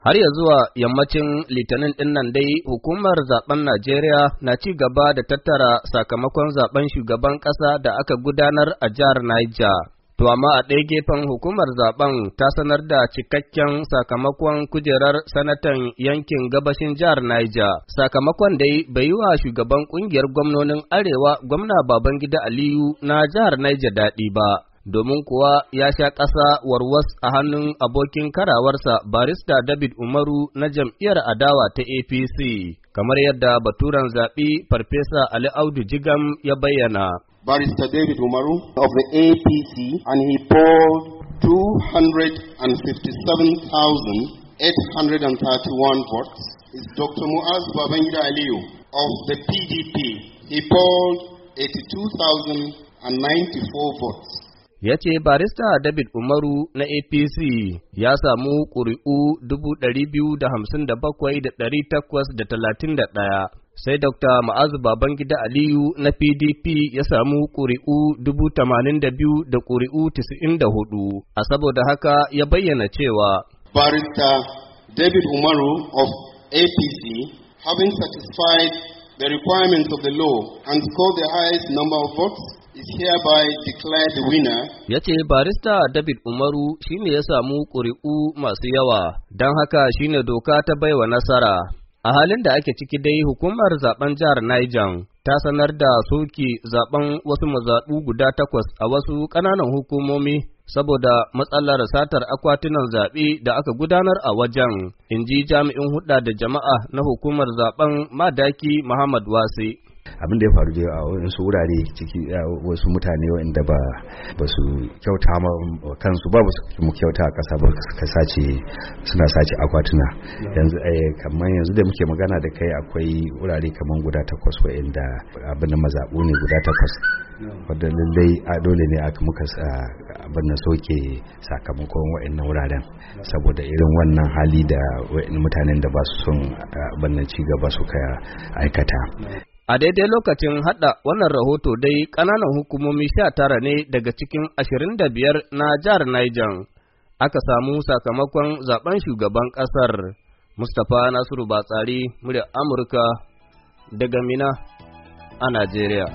Har ya zuwa yammacin litinin ɗin nan dai hukumar zaben Najeriya na ci gaba da tattara sakamakon zaben shugaban ƙasa da aka gudanar a jihar Niger. To amma a ɗaya gefen hukumar zaben ta sanar da cikakken sakamakon kujerar sanatan yankin gabashin jihar Niger. Sakamakon dai bai yi wa shugaban ƙungiyar gwamnonin Arewa gwamna Babangida Aliyu na jihar Niger daɗi ba. domin kuwa ya sha ƙasa warwas a hannun abokin karawarsa barista David Umaru na jam'iyyar adawa ta APC, kamar yadda baturan zaɓi Farfesa Ali Audu Jigam ya bayyana. Barista David Umaru of the APC and he polled 257,831 votes is Dr. Muaz Babangida Aliyu of the PDP. He polled 82,094 votes. ya ce barista David Umaru na APC ya samu ƙuri'u ɗaya, sai Dr. Ma'azu Babangida Aliyu na PDP ya samu ƙuri'u 82,000 da ƙuri'u a saboda haka ya bayyana cewa barista David Umaru of APC having satisfied the requirements of the law and scored the highest number of votes Ya ce barista David Umaru shi ne ya samu ƙuri'u masu yawa, don haka shi ne doka ta baiwa nasara. A halin da ake ciki dai hukumar zaben jihar Niger ta sanar da soke zaben wasu mazaɓu guda takwas a wasu ƙananan hukumomi saboda matsalar satar akwatunan zaɓe da aka gudanar a wajen, in ji jami'in hudda da jama'a na hukumar zaben Madaki Muhammad Wase. abin da ya faru da a wasu wurare ciki wasu mutane wanda ba ba su kyauta ma kansu ba ba su kyauta a kasa ba ka sace suna sace akwatuna yanzu eh, kamar yanzu da muke magana da kai akwai wurare kamar guda takwas wa'anda abin mazaɓu ne guda takwas wadda lallai a dole ne aka muka abin da soke sakamakon wa'annan wuraren saboda irin wannan hali da mutanen da ba su son abin ci gaba suka aikata A daidai lokacin hada wannan rahoto dai ƙananan hukumomi sha tara ne daga cikin ashirin da biyar na jihar Niger aka samu sakamakon zaben shugaban ƙasar Mustapha Nasiru Batsari, murya Amurka daga Mina a Najeriya.